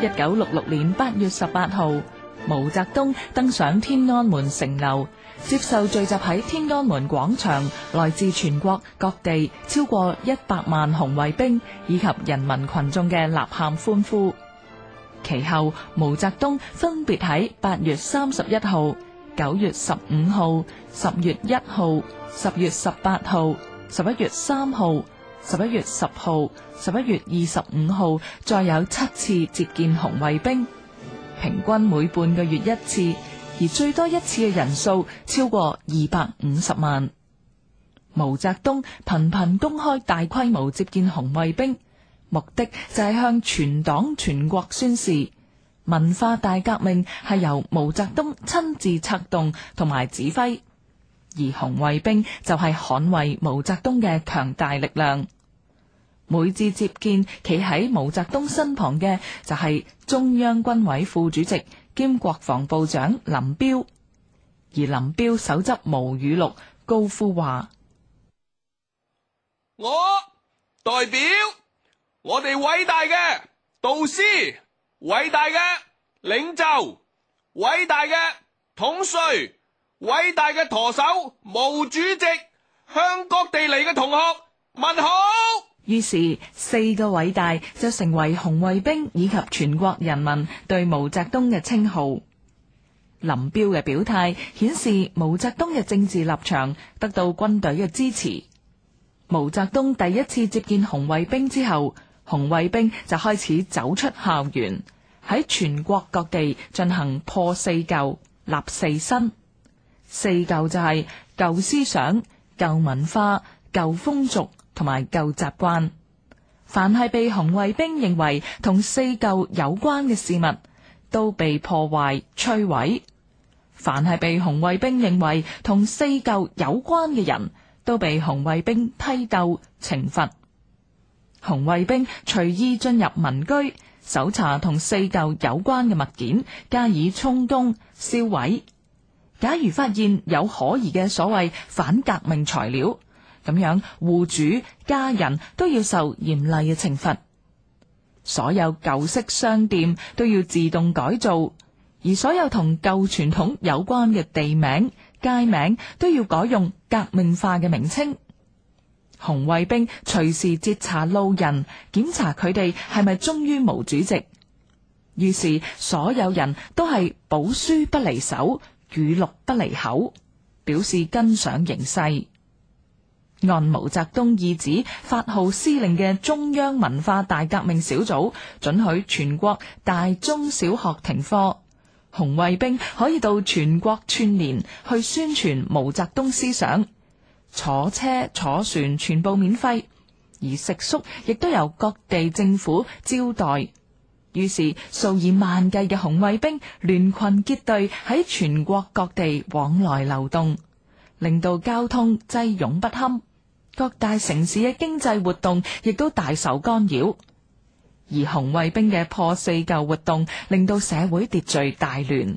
一九六六年八月十八號，毛澤東登上天安門城樓，接受聚集喺天安門廣場、來自全國各地超過一百萬紅衛兵以及人民群眾嘅吶喊歡呼。其後，毛澤東分別喺八月三十一號、九月十五號、十月一號、十月十八號、十一月三號、十一月十號、十一月二十五號，再有七次接見紅衛兵，平均每半個月一次，而最多一次嘅人數超過二百五十萬。毛澤東頻頻公開大規模接見紅衛兵，目的就係向全黨全國宣示，文化大革命係由毛澤東親自策動同埋指揮。而紅衛兵就係捍衛毛澤東嘅強大力量。每次接見，企喺毛澤東身旁嘅就係中央軍委副主席兼國防部長林彪，而林彪手執毛語錄，高呼話：我代表我哋偉大嘅導師、偉大嘅領袖、偉大嘅統帥。偉大嘅舵手，毛主席向各地嚟嘅同學問好。於是四個偉大就成為紅衛兵以及全國人民對毛澤東嘅稱號。林彪嘅表態顯示毛澤東嘅政治立場得到軍隊嘅支持。毛澤東第一次接見紅衛兵之後，紅衛兵就開始走出校園，喺全國各地進行破四舊、立四新。四舊就係、是、舊思想、舊文化、舊風俗同埋舊習慣。凡係被紅衛兵認為同四舊有關嘅事物，都被破壞摧毀；凡係被紅衛兵認為同四舊有關嘅人，都被紅衛兵批鬥懲罰。紅衛兵隨意進入民居，搜查同四舊有關嘅物件，加以充公燒毀。燒毀假如發現有可疑嘅所謂反革命材料，咁樣，戶主、家人都要受嚴厲嘅懲罰。所有舊式商店都要自動改造，而所有同舊傳統有關嘅地名、街名都要改用革命化嘅名稱。紅衛兵隨時截查路人，檢查佢哋係咪忠於毛主席。於是，所有人都係寶書不離手。語錄不離口，表示跟上形勢。按毛澤東意旨發號施令嘅中央文化大革命小組准許全國大中小學停課，紅衛兵可以到全國串聯去宣傳毛澤東思想，坐車坐船全部免費，而食宿亦都由各地政府招待。於是數以萬計嘅紅衛兵聯群結隊喺全國各地往來流動，令到交通擠擁不堪，各大城市嘅經濟活動亦都大受干擾，而紅衛兵嘅破四舊活動令到社會秩序大亂。